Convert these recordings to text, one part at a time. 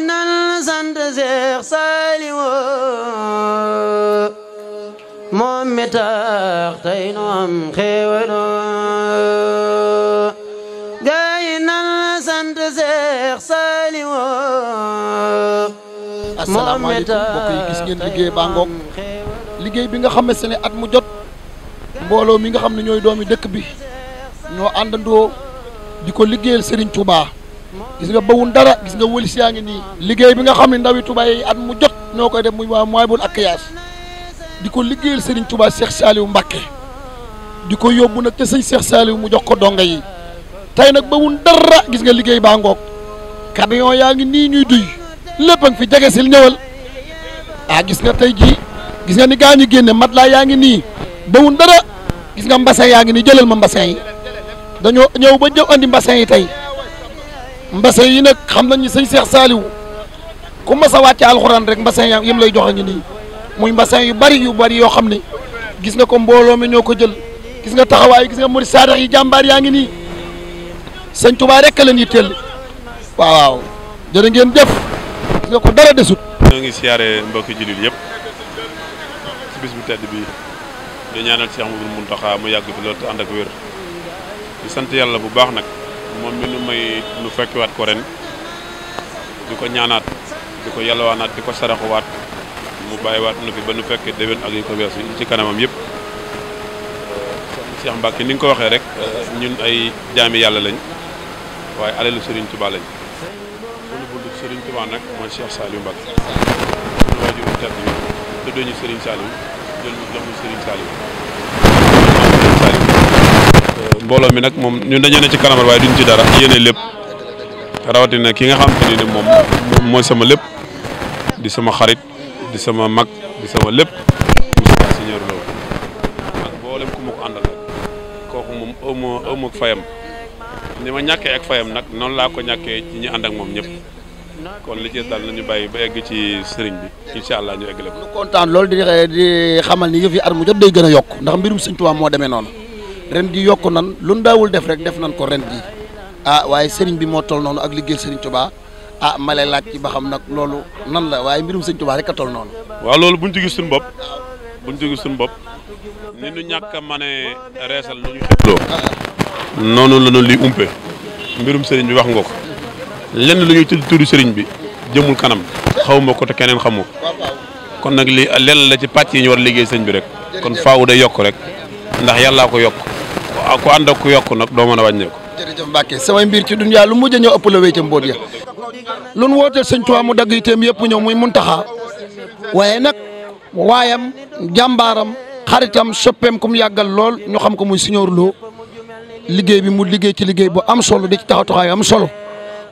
nal sant gis ngeen liggéey baa ngoog liggéey bi nga xam ne ak mu jot mbooloo mi nga xam ne ñooy doomi dëkk bi ñoo àndandoo di ko liggéeyal Serigne Touba gis nga bawun dara gis nga wëlis yaa ngi nii liggéey bi nga xam ne ndawi Touba yi at mu jot ñoo koy def muy waa ak Akyas di ko liggéeyal Serigne Touba Cheikh Saliou Mbacké di ko yóbbu nag ca sëñ Cheikh Saliou mu jox ko donga yi tey nag bawun dara gis nga liggéey baa ngoog camion yaa ngi nii ñuy duy lépp fi jege sil ñëwal ah gis nga tey jii gis nga ni gaa ñu génne mat laa yaa ngi nii bawun dara gis nga mbasin yaa ngi nii jëlal ma mbasin yi dañoo ñëw ba jëw andi mbasin yi tey mbasin yi nag xam nañu sëñ Seex Saaliw ku mas a wàcc alxuraan rek mbasin ya yim lay joxe ngi nii muy mbasin yu bari yu bari yoo xam ne gis nga ko mbooloo mi ñoo ko jël gis nga taxawaay gis nga murid saadax yi jàmbaar yaa ngi nii sëñ Tuubaa rek a leen ngeen jëf gis nga ko dara desut. ñoo ngi yëpp ci bis bu tedd bi di ñaanal Cheikh Mouhamadou Mountakha mu yàgg fi loolu te ànd wér di sant yàlla bu baax nag. moom mi nu may nu fekkiwaat ko ren di ko ñaanaat di ko yàlla yalwaanaat di ko saraxuwaat mu bàyyiwaat nu fi ba nu fekkee déwén ak yu ko weesu yi ci kanamam yëpp Cheikh Mbacke ni ko waxee rek ñun ay jaami yàlla lañ waaye alalu sëriñ Touba lañ sunu bunt Serigne Touba nag mooy Cheikh Saliou Mbacke sunu waajur bu tedd Euh, mbooloo mi nag moom ñun dañu ne ci kanamal waaye duñ ci dara yéene lépp rawatina ki nga xam te ni moom mooy sama lépp di sama xarit di sama mag di sama lépp Moustapha Seigneur Lo ak ku ma ko àndal moom ëmma ëmm ak fayam ni ma ñàkkee ak fayam nag noonu laa ko ñàkkee ci ñu ànd ak moom ñëpp kon li ci daal nañu bàyyi ba egg ci sëriñ bi incha allah ñu eggale ko. kontaan loolu di xamal ni yëf yi at mu jot day gën a yokk ndax mbirum Sëriñ Tuubaa moo demee noonu. ren ji yokk nan lu daawul def rek def nan ko ren ji ah waaye sëriñ bi moo toll noonu ak liggéey sëriñ Tuubaa ah ma lay laaj ci ba xam nag loolu nan la waaye mbirum sëriñ Tuubaa rek noonu. waaw loolu bu ci gis suñu bopp bu ñu ci suñu bopp ni ñu ñàkk a mënee reesal nu ñu xebloo noonu liy umpe mbirum sëriñ bi wax nga ko lenn lu ñuy tudd sëriñ bi jëmul kanam xawma ko te keneen xamu kon nag li lenn la ci pàcc yi ñu war liggéey sëriñ bi rek kon faaw day yokk rek ndax yàllaa ko yokk. ku ànd ak ku yokk nag doo mën a wàññeeku. jërëjëf samay mbir ci dunya lu mujj a ñëw ëpp la wéy ca mbóot ya lu nu wooteel sëñ Tuubaa mu dagg itam yëpp ñëw muy taxa waaye nag waayam jàmbaaram xaritam soppeem ku mu yàggal lool ñu xam ko muy Sëñ Lo liggéey bi mu liggéey ci liggéey bu am solo di ci taxaw taxaw am solo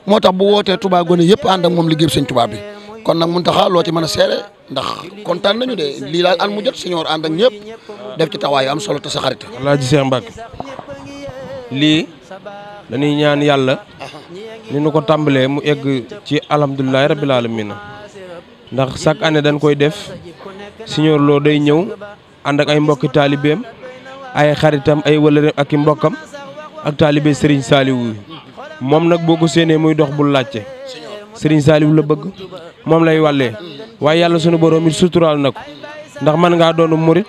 moo tax bu wootee Touba Gone yëpp ànd moom liggéey bi sëñ Touba bi kon nag Muntaxa loo ci mën a seere ndax kontaan nañu de lii daal an mu jot Sëñ ànd ak ñëpp def ci taxawaay am solo te sa xarit. Alaaji lii dañuy ñaan yàlla ni nu ko tàmbalee mu egg ci alhamdulilahi rabbil alamin ndax chaque année dañ koy def Signor Lo day ñëw ànd ay mbokki taalibeem ay xaritam ay wëlëreem ak i mbokkam ak taalibe Serigne Saliou moom nag boo ko séenee muy dox bul laajte Serigne Saliou la bëgg moom lay walle waaye yàlla sunu borom it suturaal na ko ndax mën nga doonu murit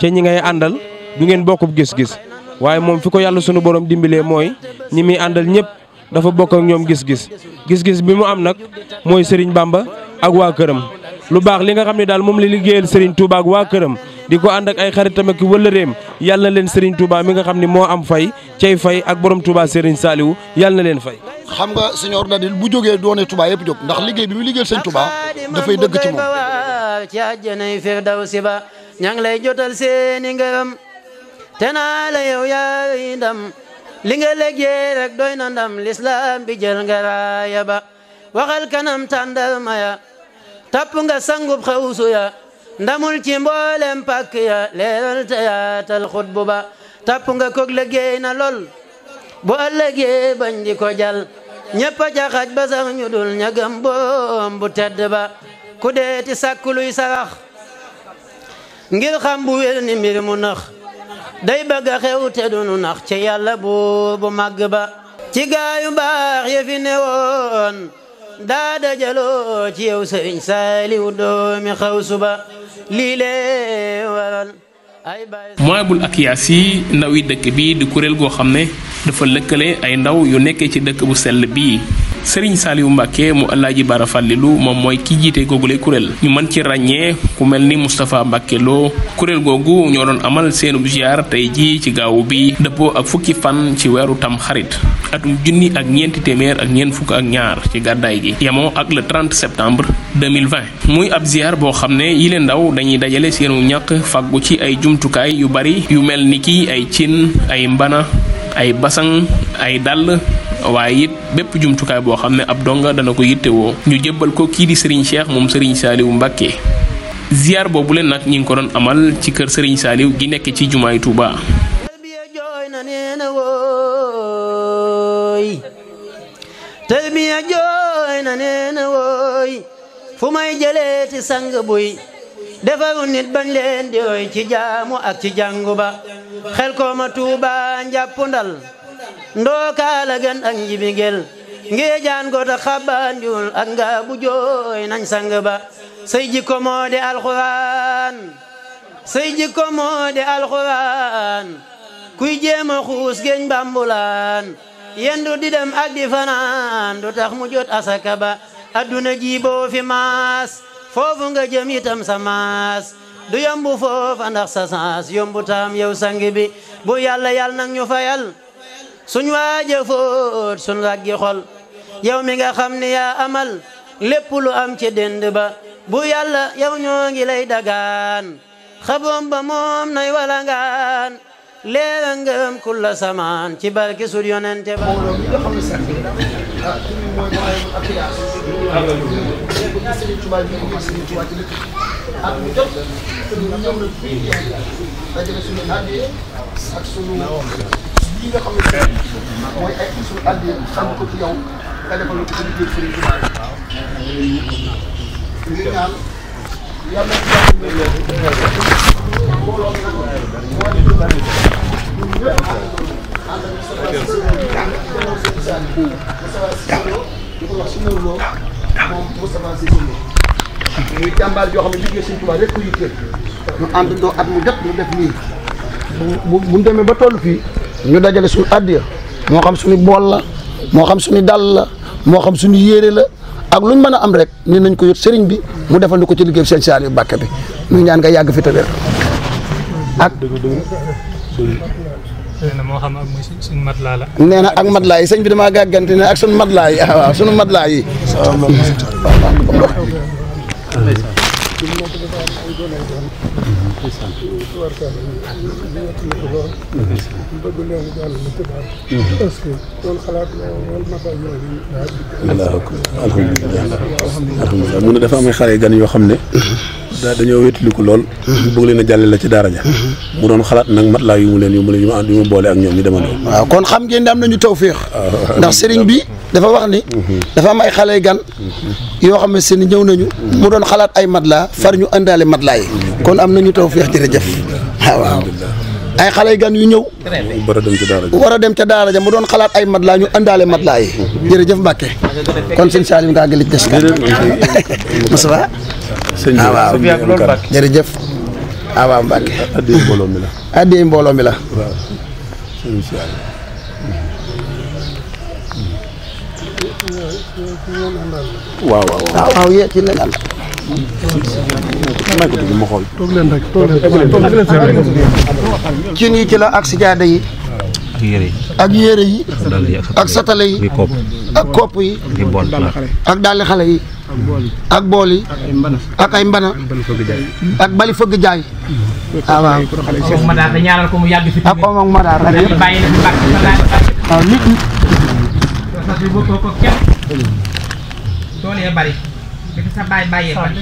ca ñi ngay àndal du ngeen bokkub gis-gis waaye moom fi ko yàlla sunu borom dimbalee mooy ñi muy àndal ñëpp dafa bokk ak ñoom gis-gis gis-gis bi mu am nag mooy Serigne Bamba ak waa këram lu baax li nga xam ne daal moom la liggéeyal Serigne Touba ak waa këram di ko ànd ak ay xaritam ak wëllëreem yàlla na leen Serigne Touba mi nga xam ni moo am fay cay fay ak boroom Touba Serigne Saliou yàlla na leen fay. xam nga suñu ordinateur bu jógee doone Touba yëpp jóg ndax liggéey bi mu liggéeyal Serigne Touba dafay dëgg ci te la yow yaay ndam li nga liggéey rek na ndam lislaam bi jël nga raaya ba waxal kanam tàndal ma ya tapp nga sangub xawsu ya ndamul ci mboolem ya leeral te yaatal xutbu ba tapp nga kog liggéey na lool bu ëllëgee bañ di ko jal ñépp a jaxaj ñu dul ña gëm bu tedd ba ku deeti sàkk sarax ngir xam bu ni mbir nax day bëgg a xew te dunu nax ci yàlla buubu màgg ba ci gaayu baax ya fi newoon daa dajaloo ci yow sëriñ saaliw doomi xaw suba lii lee waral Mouwahiboul Akyaas yi ndaw yi dëkk bi di kuréel goo xam ne dafa lëkkale ay ndaw yu nekkee ci dëkk bu sell bii Serigne Saliou Mbacke mu allaaji Bara Fàllilu moom mooy ki jiite googule kuréel ñu mën ci ràññee ku mel ni Moustapha Mbacke loo kuréel googu ñoo doon amal seenub ziar tey jii ci gaaw bi dëppoo ak fukki fan ci weeru tam xarit atum junni ak ñeenti téeméer ak ñeent fukk ak ñaar ci gàddaay gi yemoo ak le 30 septembre 2020 muy ab ziar boo xam ne yile ndaw dañuy dajale seenu ñàkk fàggu ci ay jumtukaay yu bari yu mel ni ki ay cin ay mbana ay basan ay dàll waaye it bépp jumtukaay boo xam ne ab donga dana ko yittewoo ñu jébbal ko kii di Serigne Cheikh moom Serigne Saliou Mbacke ziar boobu leen nag ñi ngi ko doon amal ci kër sëriñ saaliw gi nekk ci jumaay Touba. tarbiya jooy na neena wooy fu may jëlee ci sang buy defaru nit bañ leen di roy ci jaamu ak ci jàngu ba xel kooma Tuuba njàpp ndal ndookaala gën ak njibigel ngeejaan gota xabaan diwul ak ngaa bu jooy nañ sang ba say jikko moo de alxuraan say jikko moo de alxuraan kuy jéem a xuus geeñ bambulaan yendu di dem ak di fanaan du tax mu jot asaka ba adduna ji fi maas foofu nga jëm itam sa maas du yombu foofa ndax sa yombu taam yow sang bi bu yàlla yàlla nag ñu fayal suñ waaja fóot suñ wàggi xol yow mi nga xam ne yaa amal lépp lu am ci dend ba bu yàlla yow ñoo ngi lay dagaan xaboom ba moom nay walangaan léewa ngëm kulla samaan ci barki sur yonente ba lii nga xam ne mooy ay suñu àddee sàmm ko ci yow nga defal ko ci liggéey Sëriñ Tuubaa ñu ñaan yàlla ci mbooloo mi nga xam ne ñun ñëpp ànd ak sa bàyyi di ko wax si moom Moustapha Cissé Lo muy jàmbaar joo xam ne liggéey Sëriñ Tuubaa rek ko yitteel ñu ànd doo at mu jot mu def nii bu mu demee ba toll fii ñu dajale suñu addiya moo xam suñu bool la moo xam suñu dàll la moo xam suñu yére la ak luñ mën a am rek ni nañ ko yot sëriñ bi mu defal ñu ko ci liggéey sëñ Saliou bi ñu ñaan nga yàgg fi te wér ak nee na moo xam ak muy suñu matelas la. nee na ak matelas yi sëñ bi damaa gàggante ne ak suñu matelas yi ah waaw suñu yi. war kaa mu tubaab parce que loolu xalaat la loolu mun na dafa amay xale gan yoo xam ne daa dañoo wéetiliku lool ñu leen a la ci daara ja mu doon xalaat nag mat laa yu mu leen yu mu leen yu ma boole ak ñoom ñu demandoo waaw kon xam ngeen daam am nañu tawféex ah, ah, ah. ndax sëriñ bi dafa wax ni. Mhm. dafa am ay xale gan. Mhm. yoo xam ne seen ñëw nañu. mu doon xalaat ay mat laa far ñu indaale matelas yi. Mhm. kon am nañu taw feex jërëjëf. Ah, waaw ay xale gan yu ñëw. war a dem ca daara war a dem ca daara ja mu doon xalaat ay matelas ñu indaale matelas yi. jërëjëf Mbacke. kon sëñ Salim ngaa gëli des ka. Moussa ah, waaw. sëñ jërëjëf. ah waaw Mbacke. mbooloo mi la. mbooloo mi la. waaw waaw toog leen rek toog leen cin yi ci la ak sijaada yi. ak yére yi. ak yére yi. ak satale yi. ak kopp yi. ak dàlli xale yi. ak bool yi. ak ay mbana. ak bali fëgg jaay. waaw waaw. ak oom madaar. ak yëpp. waaw nit ñi. parce que bokkoo ko kenn tool yee bari dafa sa bàyyi bàyyee bari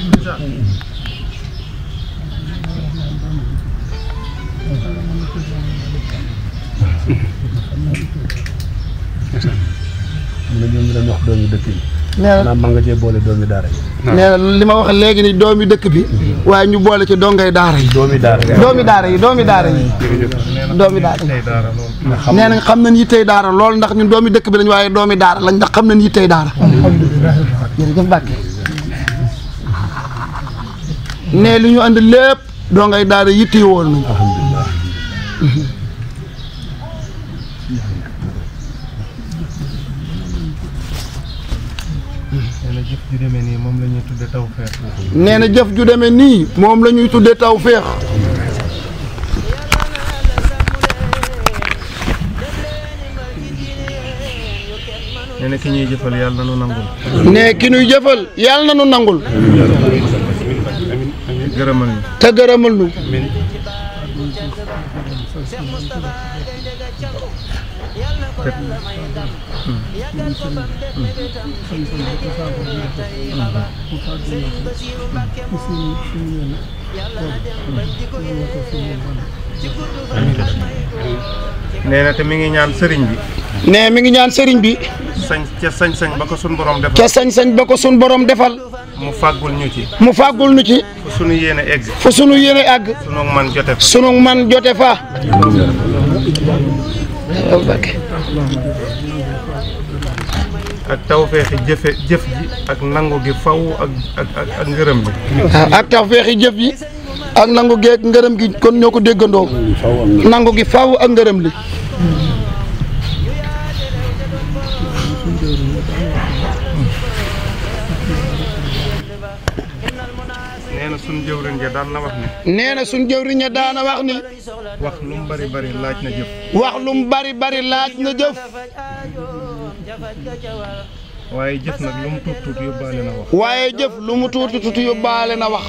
mu ne ñoom doon wax doomi dëkk yi. nee na mën nga cee boole doomi daara yi. nee na li ma wax léegi ni doomi dëkk bi waaye ñu boole ci dongay daara yi doomi daara yi doomi daara yi doomi daara yi nee na xam nañ yittey daara loolu ndax ñun doomi dëkk bi lañ waaye doomi daara lañ ndax xam nañ yittey daara jërëjëf Mbàkke ne li ñu ànd lépp dongay daara yittey woon nañ jëf nii moom la ñuy tuddee tawfeex. nee na jëf ju demee nii moom la tuddee tawfeex. nee ki ñuy jëfal yàlla na nu nangul. nee ki ñuy jëfal yàlla na nu nangul. te gërëmal ñu. sëriñ sëriñ te mi ngi ñaan sëriñ bi nee mi ngi ñaan sëriñ bi sañ ca sañ-sañ ba ko suñ borom defal ca sañ-sañ ba ko suñ mu fàggul ñu ci mu fàggul ñu ci fu suñu yéene egg fu suñu yéene àgg sunu man jote fa sunu man jote fa ak tawféexi jëfe jëf ji ak nangu gi faw ak ak ngërëm bi. Ah, ak tawféexi jëf ji ak nangu gi ak ngërëm gi kon ñoo ko déggandoo. nangu gi faw ak ngërëm li. nee na suñu jëwriñ ja daan na wax ni. wax ni. lu mu bari bari laaj na jëf. waaye jëf nag lu mu tuut yóbbaale na wax. waaye jëf lu mu tuut tuut yóbbaale na wax.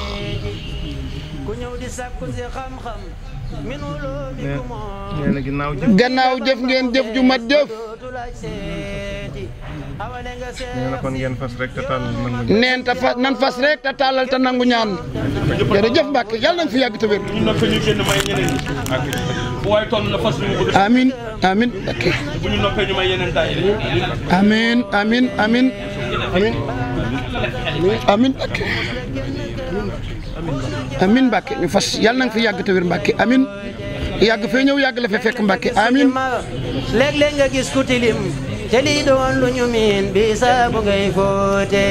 ku ñëw di sàkku si xam ginnaaw jëf. gannaaw jëf ngeen jëf ju mat jëf. nee na rek te tàllal nangu ñaan. neen te fas nan fas rek te tàllal te nangu ñaan. jërëjëf Mbacke yàlla nañ fi yàgg te wér. waaye toll na fas ñu ko def. amiin amiin ok. bu ñu noppee ñu may yeneen taay yi. amin Mbacke ñu fas yàlla na fi yàgg te wér Mbacke amin yàgg fee ñëw yàgg la fekk Mbacke amin léeg-léeg nga gis ku tilim te doon lu ñu bi saabu ngay fóote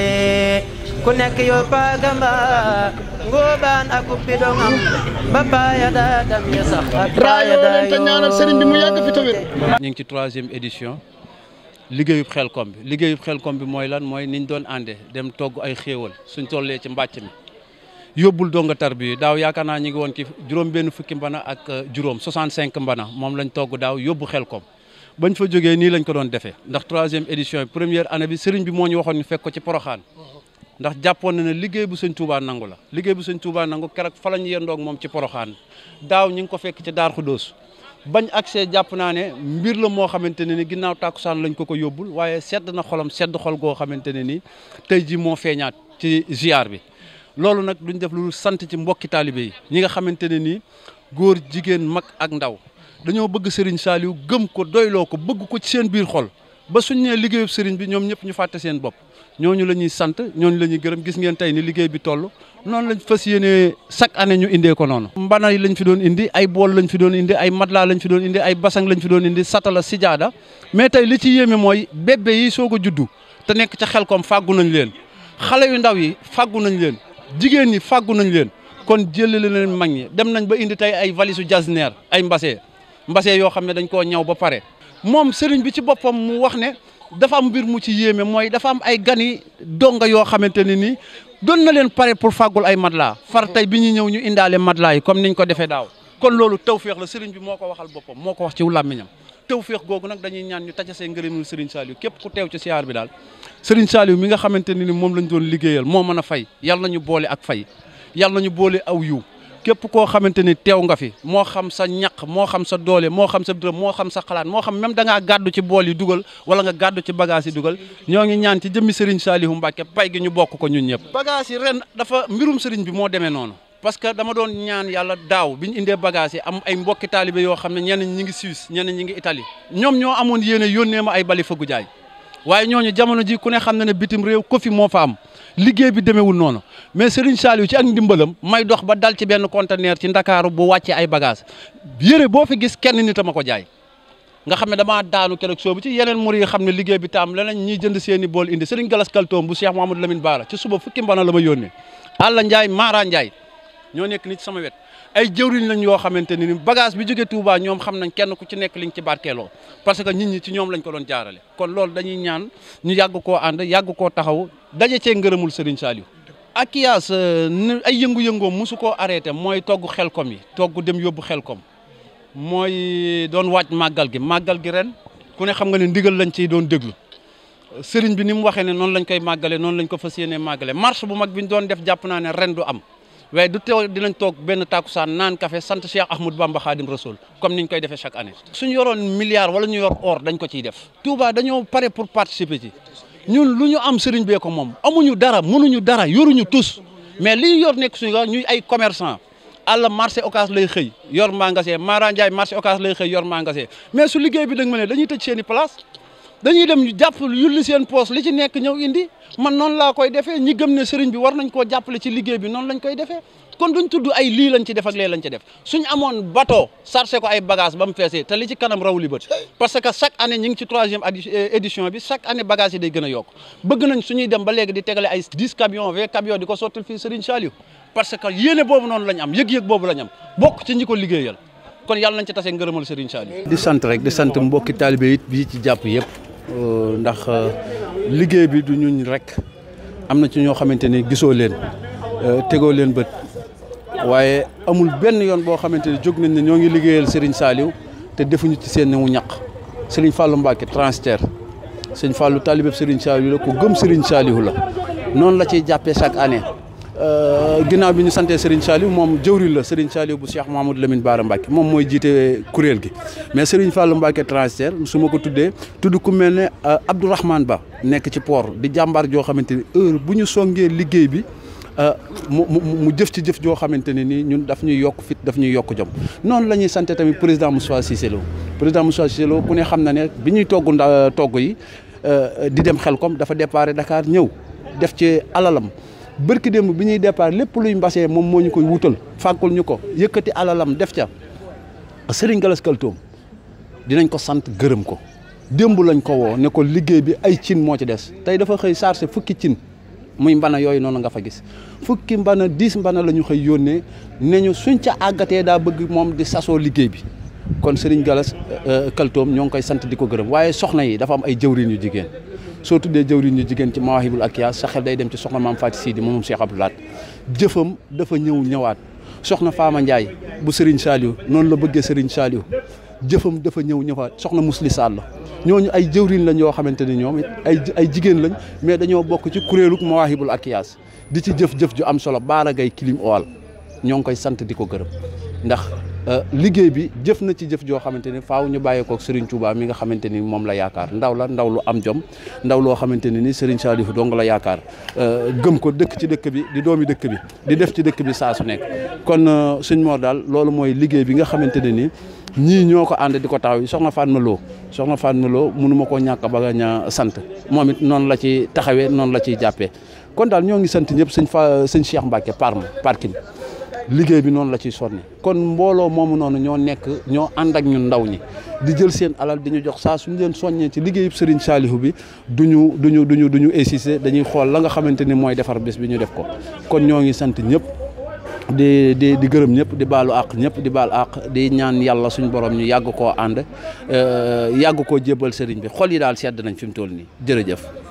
ku nekk yor paagamba ngóobaan ak ubbi dongam ba paaya daa ya sax ak raaya leen te ñaanal sëriñ mu yàgg fi te wér ngi ci troisième édition liggéeyub xelkom bi liggéeyub koom bi mooy lan mooy niñ doon àndee dem togg ay xéewal suñ tollee ci mbàcc mi yóbbul donga tarbiya daaw yaakaar naa ñu ngi woon ci juróom benn fukki mbana ak euh, juróom 65 mbana moom lañ toog daaw yóbbu Xelkom bañ fa jógee nii lañ ko doon defee ndax troisième édition première année bi sëriñ bi moo ñu waxoon ñu fekk ko ci Poroxaan ndax jàppoon na ne liggéey bu sëñ Touba nangu la liggéey bu sëñ Touba nangu keroog fa lañ yendoog moom ci Poroxaan daaw ñu ko fekk ci Daar Xudóos bañ accès jàpp naa ne mbir la moo xamante ne ni ginnaaw tàkkusaan lañ ko ko yóbbul waaye sedd na xolam sedd xol goo xamante ne ni tey ji moo feeñaat ci ziar bi loolu nag duñ def lu sant ci mbokki taalibe yi ñi nga xamante ne nii góor jigéen mag ak ndaw dañoo bëgg Serigne Saliou gëm ko doyloo ko bëgg ko ci seen biir xol ba suñ nee liggéeyub Serigne bi ñoom ñëpp ñu fàtte seen bopp ñooñu la ñuy sant ñooñu la ñuy gërëm gis ngeen tey ni liggéey bi toll noonu lañ fas yéenee chaque année ñu indee ko noonu. mbana yi lañ fi doon indi ay bool lañ fi doon indi ay matelas lañ fi doon indi ay basang lañ fi doon indi satala sijaada mais tey li ci yéeme mooy bébé soog a juddu te nekk ca xel koom fàggu nañ leen xale yu ndaw yi fàggu nañ leen jigéen ñi fàggu nañ leen kon jëlale leen mag ñi dem nañ ba indi tey ay valisu jasneer ay mbase mbase yoo xam ne dañ koo ñëw ba pare moom sëriñ bi ci boppam mu wax ne dafa am mbir mu ci yéeme mooy dafa am ay gani donga yoo xamante ne nii doon na leen pare pour fàggul ay matelas far tey bi ñu ñëw ñu indaale matelas yi comme niñ ko defee daaw kon loolu tawféex la sëriñ bi moo ko waxal boppam moo ko wax ci làmmiñam tawféex googu nag dañuy ñaan ñu tajasee ngërëmul sëriñ Saliou képp ku teew ci siyaar bi daal Serigne Saliou mi nga xamante ne ni moom lañ doon liggéeyal moo mën a fay yàlla nañu boole ak fay yàlla nañu boole aw yiw képp koo xamante ni teew nga fi moo xam sa ñaq moo xam sa doole moo xam sa dërëm moo xam sa xalaat moo xam même da ngaa gàddu ci bool yi dugal wala nga gàddu ci bagage yi dugal ñoo ngi ñaan ci jëmmi Serigne Saliou Mbacké pay gi ñu bokk ko ñun ñëpp. bagage yi ren dafa mbirum Serigne bi moo demee noonu parce que dama doon ñaan yàlla daaw bi ñu indee bagage yi am ay mbokki taalibe yoo xam ne ñenn ñi ngi Suisse ñenn ñi ngi Italie ñoom ñoo amoon yéene yónnee ma ay bali fëggu jaay waaye ñooñu jamono ji ku ne xam na ne bitim réew ko fi moo fa am liggéey bi demeewul noonu mais Serigne Saliou ci ak ndimbalam may dox ba dal ci benn conteneur ci ndakaaru bu wàccee ay bagage yére boo fi gis kenn nita a ma ko jaay nga xam ne damaa daanu keroog soobu ci yeneen mur yi xam ne liggéey bi taam leneen ñiy jënd seen i bool indi Serigne Galas Kaltoom bu Cheikh Mamadou Lamine Bara ci suba fukki mbana la ma yónnee Alla Ndiaye Mara Ndiaye ñoo nekk ni ci sama ay jëwriñ lañ yoo xamante ni bagage bi jóge Touba ñoom xam nañ kenn ku ci nekk liñ ci barkeeloo parce que nit ñi ci ñoom lañ ko doon jaarale kon loolu dañuy ñaan ñu yàgg koo ànd yàgg koo taxaw daje cee ngërëmul Serigne Saliou Akiyas euh, ay yëngu-yëngoom mosu koo arrêté mooy togg xelkom yi togg dem yóbbu xel kom mooy doon waaj màggal gi màggal gi ren ku ne xam nga ne ndigal lañ ciy doon déglu sëriñ bi ni mu waxee ne noon lañ koy màggale noonu lañ ko fas yéenee màggale marche bu mag bi ñu doon def jàpp naa ne ren du am waaye du teew dinañ toog benn tàkkusaan naan café sant Cheikh Ahmadou Bamba Khadim Rasoul comme niñ koy defee chaque année suñu yoroon milliard wala ñu yor or dañ ko ciy def Touba dañoo pare pour participer ci ñun lu ñu am sëriñ bee ko moom amuñu dara mënuñu dara yoruñu tus mais li ñu yor nekk suñu ñu ay commerçant àlla marché occas lay xëy yor magasin Mara Ndiaye marché occas lay xëy yor magasin mais su liggéey bi dañ ma ne dañuy tëj seen i place dañuy dem ñu jàpp yulli seen poos li ci nekk ñëw indi man noonu laa koy defee ñi gëm ne sëriñ bi war nañ koo jàppale ci liggéey bi noonu lañ koy defee kon duñ tudd ay lii lañ ci def le lañ ci def suñ amoon bato sarse ko ay bagage ba mu te li ci kanam raw li parce que chaque année ñi ngi ci troisième euh, édition bi chaque année bagage yi day gën a yokk bëgg nañ suñuy dem ba léegi di tegale ay dix camions vingt camions di ko sottil fii sëriñ Saliou parce que yéene boobu noonu lañ am yëg-yëg boobu lañ bokk ci ko liggéeyal kon yàlla nañ ci tase ngërëmal sëriñ Saliou di sant rek di sant mbokki taalibe it jàpp yëpp Euh, ndax euh, liggéey bi du ñuñ rek am na ci ñoo xamante ni gisoo leen euh, tegoo leen bët waaye amul benn yoon boo xamante ni jóg nañ ne ñoo ngi liggéeyal Serigne saaliw te defuñu ci seen wu ñaq Serigne Fallou Mbacke transitaire Serigne Fallou talibeb Serigne Saliou la ku gëm Serigne Saliou la noonu la ciy jàppee chaque année Euh, ginnaaw bi ñu santee Serigne Saliou moom jëwriñ la Serigne Saliou bu Cheikh Mahamadou Lamine Bara Mbacke moom mooy jiite kuréel gi mais Serigne Fallou Mbacke transitaire su ko tuddee tudd ku mel ne euh, Abdourahmane Ba nekk ci port di jàmbaar joo xamante ni heure bu ñu songee liggéey bi euh, mu mu jëf ci jëf joo xamante ne nii ñun daf ñuy yokk fit daf ñuy yokk jom noonu la ñuy sante tamit président Moussa Cissé Lo président Moussa Cissé Lo ku ne xam na ne bi ñuy togg nda togg yi di dem xel kom dafa déparé Dakar ñëw def ci alalam bërki démb bi ñuy départ lépp luy mbasee moom moo ñu koy wutal fàggul ñu ko yëkkati alalam def ca sëriñ Galas Kaltoom dinañ ko sant gërëm ko démb lañ ko woo ne ko liggéey bi ay cin moo ci des tey dafa xëy chargé fukki cin muy mbana yooyu noonu nga fa gis fukki mbana dix mbana la ñu xëy yónnee ne ñu suñ ca àggatee daa bëgg moom di sasoo liggéey bi kon sëriñ Galas euh, Kaltoom ñoo ngi koy sant di ko gërëm waaye soxna yi dafa am ay jëwriñ yu jigéen soo tuddee jëwriñ ñu jigéen ci Mawahibul Akyas sa xel day dem ci soxna maam Fatou Sidi moom Cheikh Abdou Lahat jëfam dafa ñëw ñëwaat soxna Faama Ndiaye bu Serigne Saliou noonu la bëggee Serigne Saliou jëfam dafa ñëw ñëwaat soxna Musli Sall ñooñu ay jëwriñ lañ yoo xamante ni ñoom ay ay jigéen lañ mais dañoo bokk ci kuréelu Mawahibul Akyas di ci jëf-jëf ju am solo baara gay kilim oal ñoo ngi koy sant di ko gërëm ndax Euh, liggéey bi jëf na ci jëf joo xamante ni faaw ñu bàyyeekoo ak Serigne Touba mi nga xamante ni moom la yaakaar ndaw la ndaw lu am jom ndaw loo xamante ne ni Serigne Saliou dong la yaakaar euh, gëm ko dëkk ci dëkk bi di doomi dëkk bi di def ci dëkk bi saa su nekk kon euh, suñ Mor daal loolu mooy liggéey bi nga xamante ne ni ñii ñoo ko ànd di ko taw yi soxna Fatma Lo soxna Fatma Lo mënu ma koo ñàkk ba ñaa sant moom it noonu la ci taxawee noonu la ciy jàppee kon ñoo ngi sant ñëpp sëñ fa sëñ Cheikh Mbacke Parma Parkin liggéey bi noonu la ciy sonni kon mbooloo moomu noonu ñoo nekk ñoo ànd ak ñun ndaw ñi di jël seen alal di ñu jox saa suñu leen soññee ci liggéeyub Serigne Saliou bi duñu ñu duñu ñu insisté dañuy xool la nga xamante ni mooy defar bés bi ñu def ko kon ñoo ngi sant ñëpp di di di gërëm ñëpp di baalu àq ñëpp di baal àq di ñaan yàlla suñu borom ñu yàgg koo ànd euh, yàgg koo jébbal sëriñ bi xol yi daal sedd nañ fi mu toll nii jërëjëf